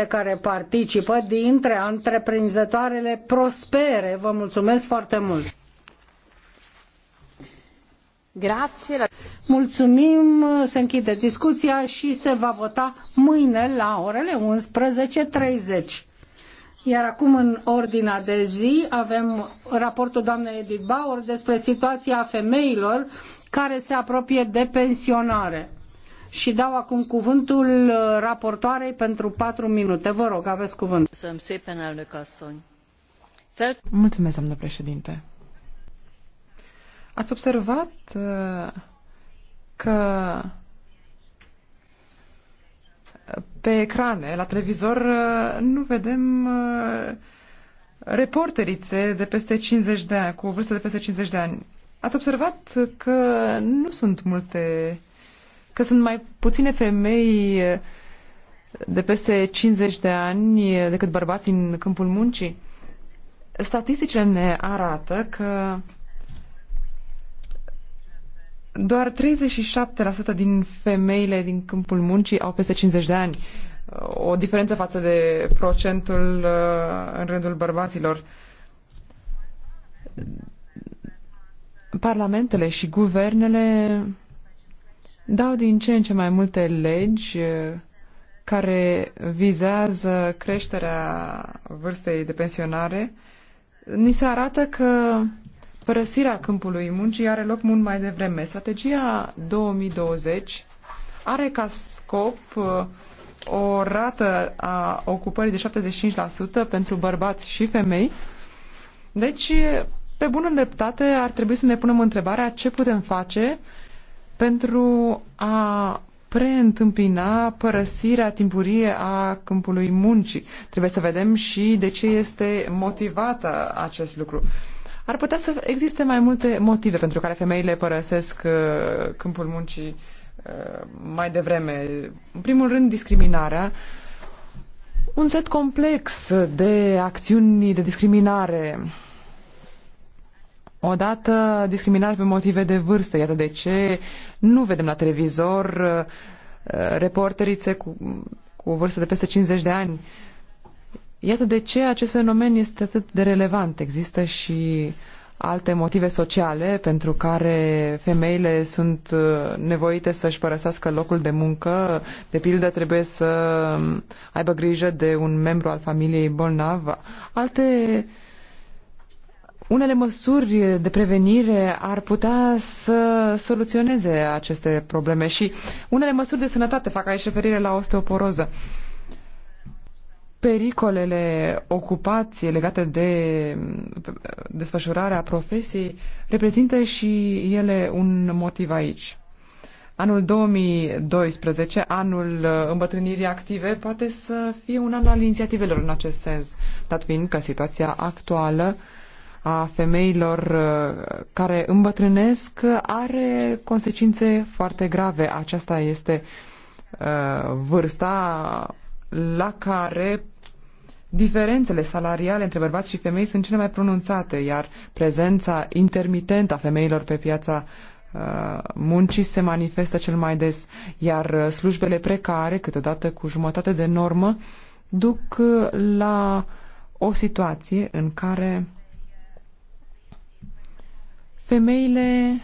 pe care participă dintre întreprinzătoarele prospere. Vă mulțumesc foarte mult! Grazie. Mulțumim, se închide discuția și se va vota mâine la orele 11.30. Iar acum în ordinea de zi avem raportul doamnei Edith Bauer despre situația femeilor care se apropie de pensionare și dau acum cuvântul uh, raportoarei pentru patru minute. Vă rog, aveți cuvânt. Mulțumesc, doamnă președinte. Ați observat uh, că pe ecrane, la televizor, uh, nu vedem reporterițe de peste 50 de ani, cu vârstă de peste 50 de ani. Ați observat că nu sunt multe că sunt mai puține femei eh, de peste 50 de ani eh, decât bărbați în câmpul muncii. Statisticile ne arată că doar 37% din femeile din câmpul muncii au peste 50 de ani. O diferență față de procentul eh, în rândul bărbaților. Parlamentele și guvernele dau din ce în ce mai multe legi uh, care vizează creșterea vârstei de pensionare, ni se arată că părăsirea câmpului muncii are loc mult mai devreme. Strategia 2020 are ca scop uh, o rată a ocupării de 75% pentru bărbați și femei. Deci, pe bună dreptate, ar trebui să ne punem întrebarea ce putem face pentru a preîntâmpina părăsirea timpurie a câmpului muncii. Trebuie să vedem și de ce este motivată acest lucru. Ar putea să existe mai multe motive pentru care femeile părăsesc uh, câmpul muncii uh, mai devreme. În primul rând, discriminarea. Un set complex de acțiuni de discriminare Odată discriminare pe motive de vârstă, iată de ce nu vedem la televizor uh, reporterițe cu, cu o vârstă de peste 50 de ani. Iată de ce acest fenomen este atât de relevant. Există și alte motive sociale pentru care femeile sunt uh, nevoite să-și părăsească locul de muncă. De pildă, trebuie să um, aibă grijă de un membru al familiei bolnav. Alte unele măsuri de prevenire ar putea să soluționeze aceste probleme și unele măsuri de sănătate fac aici referire la osteoporoză. Pericolele ocupației legate de desfășurarea profesiei reprezintă și ele un motiv aici. Anul 2012, anul îmbătrânirii active, poate să fie un an al inițiativelor în acest sens, dat fiind că situația actuală uh, a femeilor uh, care îmbătrânesc are consecințe foarte grave. Aceasta este uh, vârsta la care diferențele salariale între bărbați și femei sunt cele mai pronunțate, iar prezența intermitentă a femeilor pe piața uh, muncii se manifestă cel mai des, iar slujbele precare, câteodată cu jumătate de normă, duc la o situație în care Femeile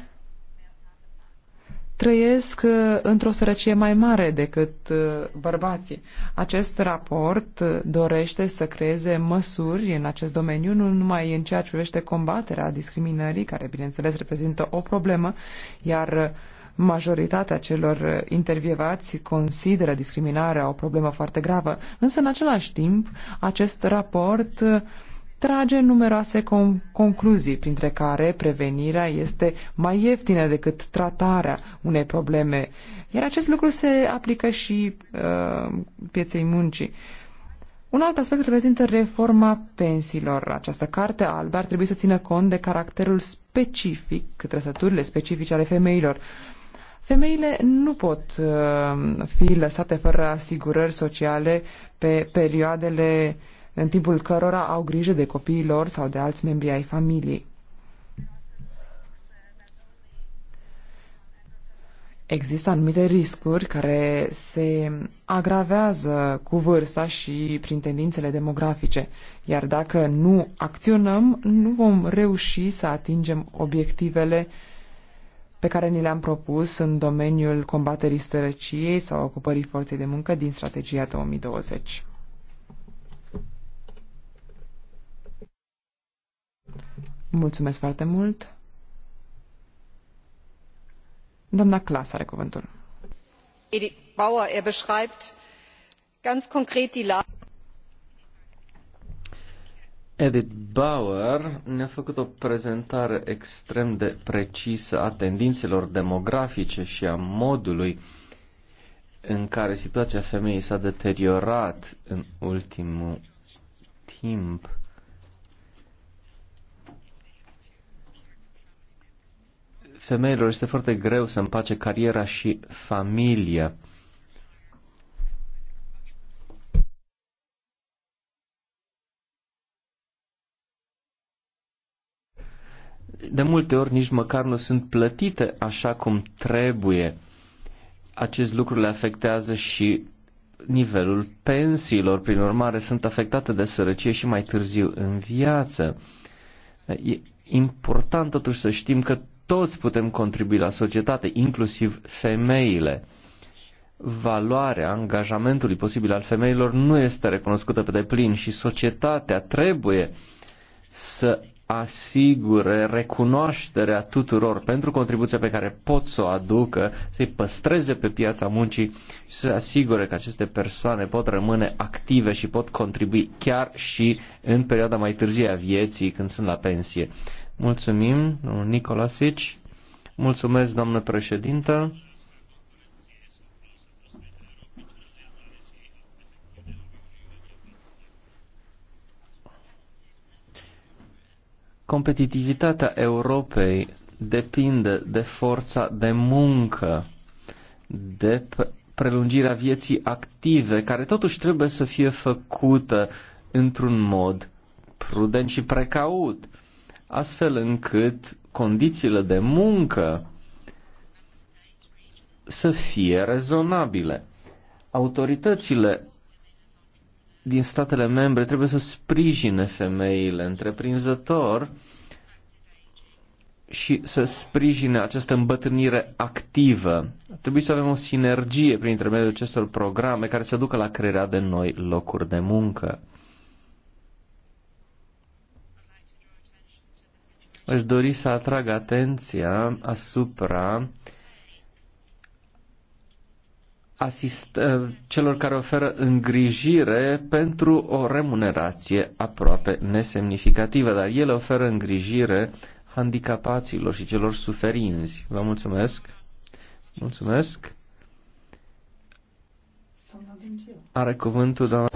trăiesc uh, într-o sărăcie mai mare decât uh, bărbații. Acest raport uh, dorește să creeze măsuri în acest domeniu, nu numai în ceea ce privește combaterea discriminării, care bineînțeles reprezintă o problemă, iar majoritatea celor intervievați consideră discriminarea o problemă foarte gravă, însă în același timp acest raport trage numeroase con- concluzii, printre care prevenirea este mai ieftină decât tratarea unei probleme. Iar acest lucru se aplică și uh, pieței muncii. Un alt aspect reprezintă reforma pensiilor. Această carte albă ar trebui să țină cont de caracterul specific, trăsăturile specifice ale femeilor. Femeile nu pot uh, fi lăsate fără asigurări sociale pe perioadele uh, în timpul cărora au grijă de copiii lor sau de alți membri ai familiei. Există anumite riscuri care se agravează cu vârsta și prin tendințele demografice, iar dacă nu acționăm, nu vom reuși să atingem obiectivele pe care ni le-am propus în domeniul combaterii sărăciei sau ocupării forței de muncă din strategia 2020. Mulțumesc foarte mult. Doamna Clas are cuvântul. Edith Bauer, er beschreibt ganz konkret die Lage. Edith Bauer ne-a făcut o prezentare extrem de precisă a tendințelor demografice și a modului în care situația femeii s-a deteriorat în ultimul timp. femeilor este foarte greu să împace cariera și familia. De multe ori nici măcar nu sunt plătite așa cum trebuie. Acest lucru le afectează și nivelul pensiilor, prin urmare sunt afectate de sărăcie și mai târziu în viață. E important totuși să știm că toți putem contribui la societate, inclusiv femeile. Valoarea angajamentului posibil al femeilor nu este recunoscută pe deplin și societatea trebuie să asigure recunoașterea tuturor pentru contribuția pe care pot să o aducă, să-i păstreze pe piața muncii și să asigure că aceste persoane pot rămâne active și pot contribui chiar și în perioada mai târzie a vieții, când sunt la pensie. Mulțumim, domnul Nicolasic. Mulțumesc, doamnă președintă. Competitivitatea Europei depinde de forța de muncă, de prelungirea vieții active, care totuși trebuie să fie făcută într-un mod prudent și precaut astfel încât condițiile de muncă să fie rezonabile. Autoritățile din statele membre trebuie să sprijine femeile întreprinzător și să sprijine această îmbătrânire activă. Trebuie să avem o sinergie prin intermediul acestor programe care să ducă la crearea de noi locuri de muncă. Aș dori să atrag atenția asupra asist, eh, celor care oferă îngrijire pentru o remunerație aproape nesemnificativă, dar ele oferă îngrijire handicapaților și celor suferinți. Vă mulțumesc! Mulțumesc! Are cuvântul doamna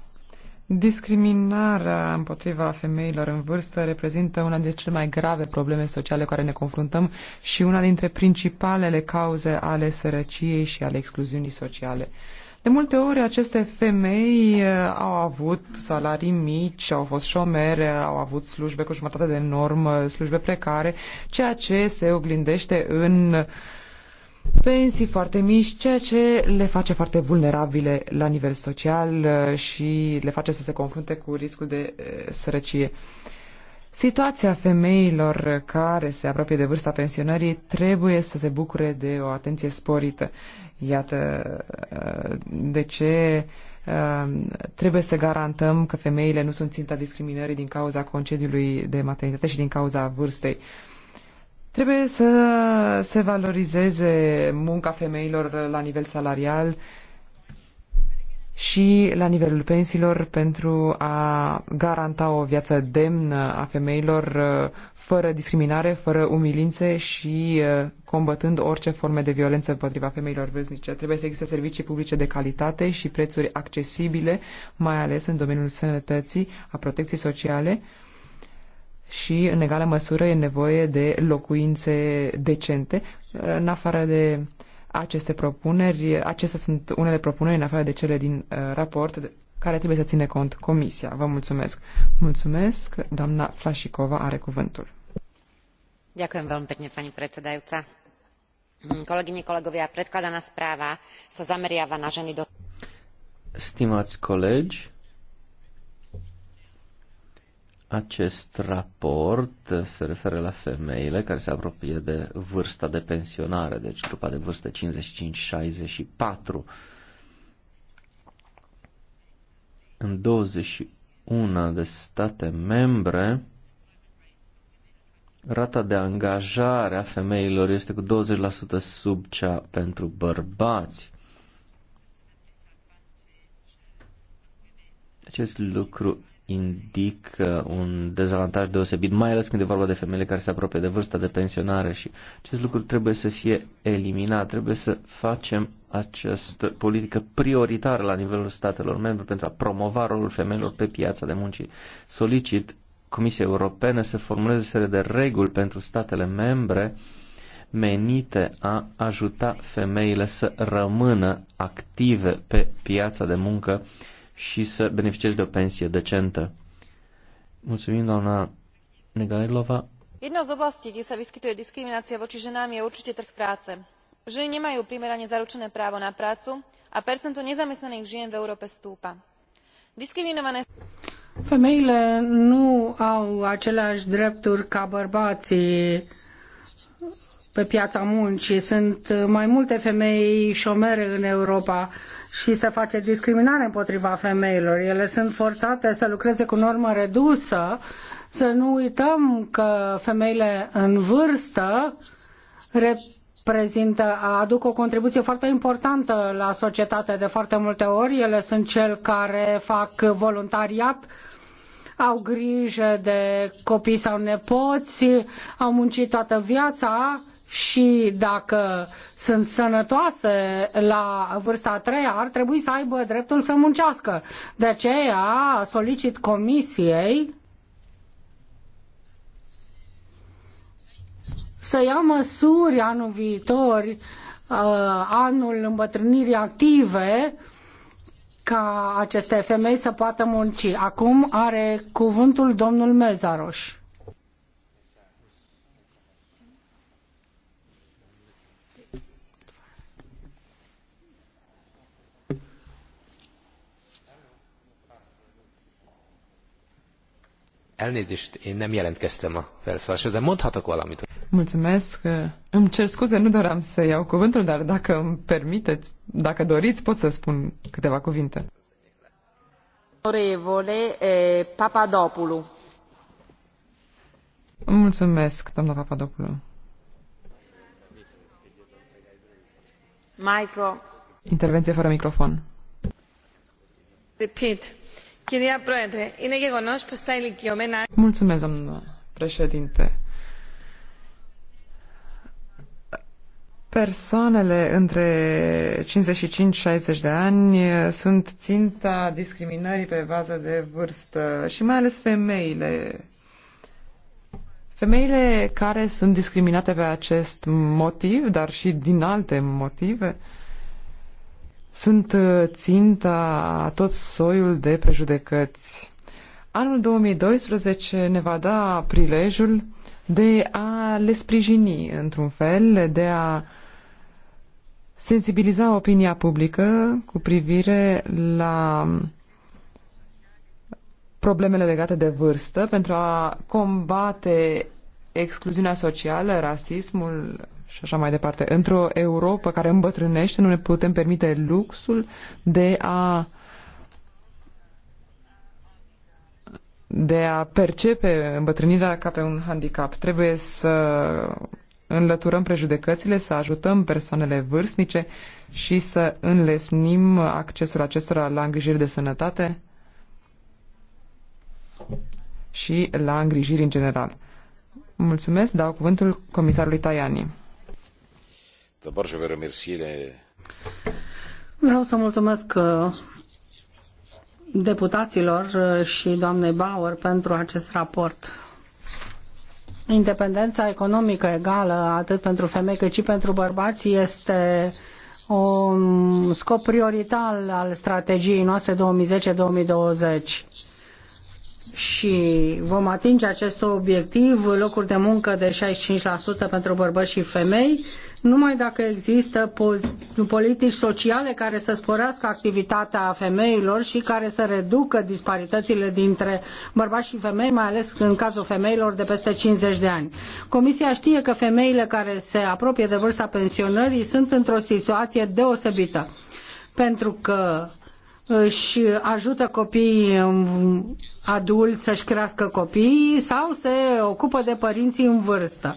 Discriminarea împotriva femeilor în vârstă reprezintă una dintre cele mai grave probleme sociale cu care ne confruntăm și una dintre principalele cauze ale sărăciei și ale excluziunii sociale. De multe ori aceste femei uh, au avut salarii mici, au fost șomere, uh, au avut slujbe cu jumătate de normă, slujbe precare, ceea ce se oglindește în uh, pensii foarte mici, ceea ce le face foarte vulnerabile la nivel social uh, și le face să se confrunte cu riscul de uh, sărăcie. Situația femeilor care se apropie de vârsta pensionării trebuie să se bucure de o atenție sporită. Iată uh, de ce trebuie să garantăm că femeile nu sunt ținta discriminării din cauza concediului de maternitate și din cauza vârstei. Uh, Trebuie să se valorizeze munca femeilor la nivel salarial și la nivelul pensiilor pentru a garanta o viață demnă a femeilor uh, fără discriminare, fără umilințe și uh, combătând orice forme de violență împotriva femeilor vârstnice. Trebuie să existe servicii publice de calitate și prețuri accesibile, mai ales în domeniul sănătății, a protecției sociale, și, în egală măsură, e nevoie de locuințe decente, în afară de aceste propuneri. Acestea sunt unele propuneri, în afară de cele din uh, raport, care trebuie să ține cont Comisia. Vă mulțumesc. Mulțumesc. Doamna Flașicova are cuvântul. Ďakujem veľmi pekne, pani predsedajúca. Kolegyne, kolegovia, predkladaná správa sa zameriava na ženy do... Stimați colegi, acest raport se referă la femeile care se apropie de vârsta de pensionare, deci grupa de vârstă 55-64. În 21 de state membre, rata de angajare a femeilor este cu 20% sub cea pentru bărbați. Acest lucru indică un dezavantaj deosebit, mai ales când e vorba de femeile care se apropie de vârsta de pensionare și acest lucru trebuie să fie eliminat, trebuie să facem această politică prioritară la nivelul statelor membre pentru a promova rolul femeilor pe piața de muncii. Solicit Comisia Europeană să formuleze o serie de reguli pentru statele membre menite a ajuta femeile să rămână active pe piața de muncă și să beneficiezi de o pensie decentă. Mulțumim, doamna Negarilova. Jedna z oblastí, kde sa vyskytuje diskriminácia voči ženám, je určite trh práce. Ženy nemajú primerane zaručené právo na prácu a percento nezamestnaných žien v Európe stúpa. Diskriminované... Femeile nu au aceleași drepturi ca bărbații pe piața muncii. Sunt uh, mai multe femei șomere în Europa și se face discriminare împotriva femeilor. Ele sunt forțate să lucreze cu normă redusă. Să nu uităm că femeile în vârstă reprezintă, aduc o contribuție foarte importantă la societate. De foarte multe ori ele sunt cel care fac voluntariat au grijă de copii sau nepoți, au muncit toată viața și dacă sunt sănătoase la vârsta a treia, ar trebui să aibă dreptul să muncească. De aceea solicit comisiei să ia măsuri anul viitor, uh, anul îmbătrânirii active, ca aceste femei să poată munci. Acum are cuvântul domnul Mezaroș. Elnézést, én nem jelentkeztem a felszólásra, de mondhatok valamit. Mulțumesc. Îmi cer scuze, nu doream să iau cuvântul, dar dacă îmi permiteți, dacă doriți, pot să spun câteva cuvinte. Orevole eh, Papadopoulou. Mulțumesc, doamna Papadopoulou. Micro. Intervenție fără microfon. Repeat. Mulțumesc, doamnă președinte. Persoanele între 55 60 de ani eh, sunt ținta discriminării pe bază de vârstă și mai ales femeile. Femeile care sunt discriminate pe acest motiv, dar și din alte motive, sunt eh, ținta tot soiul de prejudecăți. Anul 2012 ne va da prilejul de a le sprijini într-un fel, de a sensibiliza opinia publică cu privire la problemele legate de vârstă pentru a combate excluziunea socială, rasismul și așa mai departe. Într-o Europa care îmbătrânește, nu ne putem permite luxul de a de a percepe îmbătrânirea ca pe un handicap. Trebuie să înlăturăm prejudecățile, să ajutăm persoanele vârstnice și să înlesnim accesul acestora la îngrijiri de sănătate și la îngrijiri în general. Mulțumesc, dau cuvântul comisarului Tajani. Vreau să mulțumesc uh, deputaților uh, și doamnei Bauer pentru acest raport Independența economică egală atât pentru femei cât și pentru bărbați este un scop prioritar al strategiei noastre 2010-2020 și vom atinge acest obiectiv, locuri de muncă de 65% pentru bărbați și femei, numai dacă există politici sociale care să sporească activitatea femeilor și care să reducă disparitățile dintre bărbați și femei, mai ales în cazul femeilor de peste 50 de ani. Comisia știe că femeile care se apropie de vârsta pensionării sunt într-o situație deosebită pentru că își ajută copiii adulți să-și crească copiii sau se ocupă de părinții în vârstă.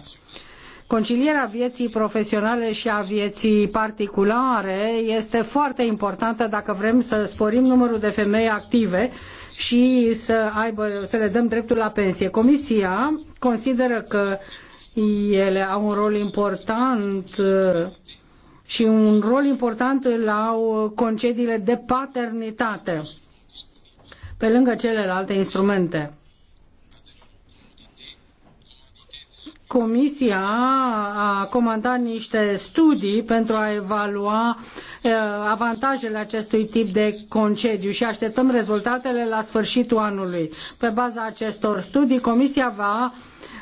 Concilierea vieții profesionale și a vieții particulare este foarte importantă dacă vrem să sporim numărul de femei active și să, aibă, să le dăm dreptul la pensie. Comisia consideră că ele au un rol important uh, și un rol important îl au concediile de paternitate, pe lângă celelalte instrumente. Comisia a comandat niște studii pentru a evalua eh, avantajele acestui tip de concediu și așteptăm rezultatele la sfârșitul anului. Pe baza acestor studii, Comisia va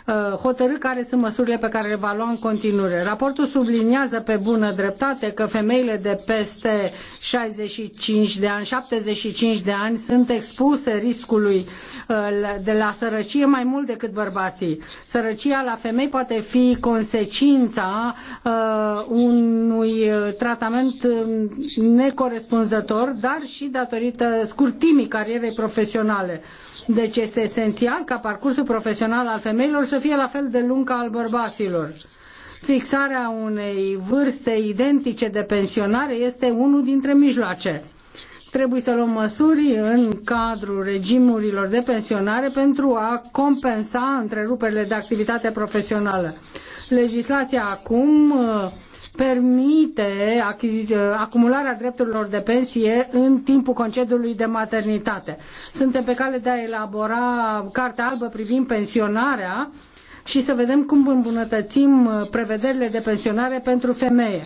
eh, hotărî care sunt măsurile pe care le va lua în continuare. Raportul subliniază pe bună dreptate că femeile de peste 65 de ani, 75 de ani sunt expuse riscului eh, de la sărăcie mai mult decât bărbații. Sărăcia la femei femei poate fi consecința uh, unui uh, tratament uh, necorespunzător, dar și datorită scurtimii carierei profesionale. Deci este esențial ca parcursul profesional al femeilor să fie la fel de lung ca al bărbaților. Fixarea unei vârste identice de pensionare este unul dintre mijloace Trebuie să luăm măsuri în cadrul regimurilor de pensionare pentru a compensa întreruperile de activitate profesională. Legislația acum uh, permite uh, acumularea drepturilor de pensie în timpul concediului de maternitate. Suntem pe cale de a elabora Cartea Albă privind pensionarea și să vedem cum îmbunătățim uh, prevederile de pensionare pentru femeie.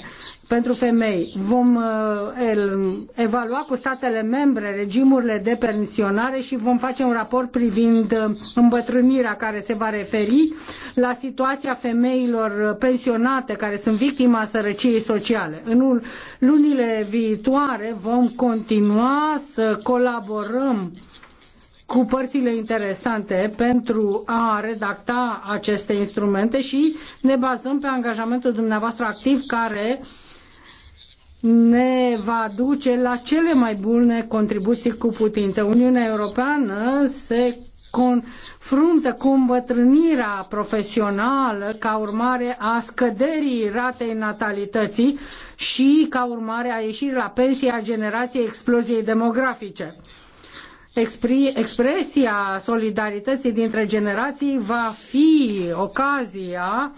Pentru femei vom uh, evalua cu statele membre regimurile de pensionare și vom face un raport privind uh, îmbătrânirea care se va referi la situația femeilor pensionate care sunt victima sărăciei sociale. În lunile viitoare vom continua să colaborăm cu părțile interesante pentru a redacta aceste instrumente și ne bazăm pe angajamentul dumneavoastră activ care ne va duce la cele mai bune contribuții cu putință. Uniunea Europeană se confruntă cu îmbătrânirea profesională ca urmare a scăderii ratei natalității și ca urmare a ieșirii la pensie a generației exploziei demografice expresia solidarității dintre generații va fi ocazia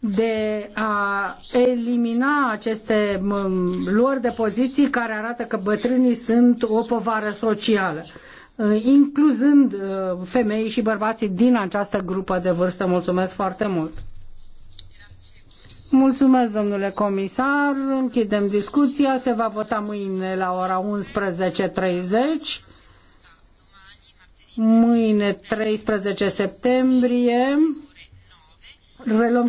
de a elimina aceste luări de poziții care arată că bătrânii sunt o povară socială, uh, incluzând uh, femei și bărbații din această grupă de vârstă. Mulțumesc foarte mult! Mulțumesc, domnule comisar. Închidem discuția. Se va vota mâine la ora 11.30. Mâine, 13 septembrie. Reluăm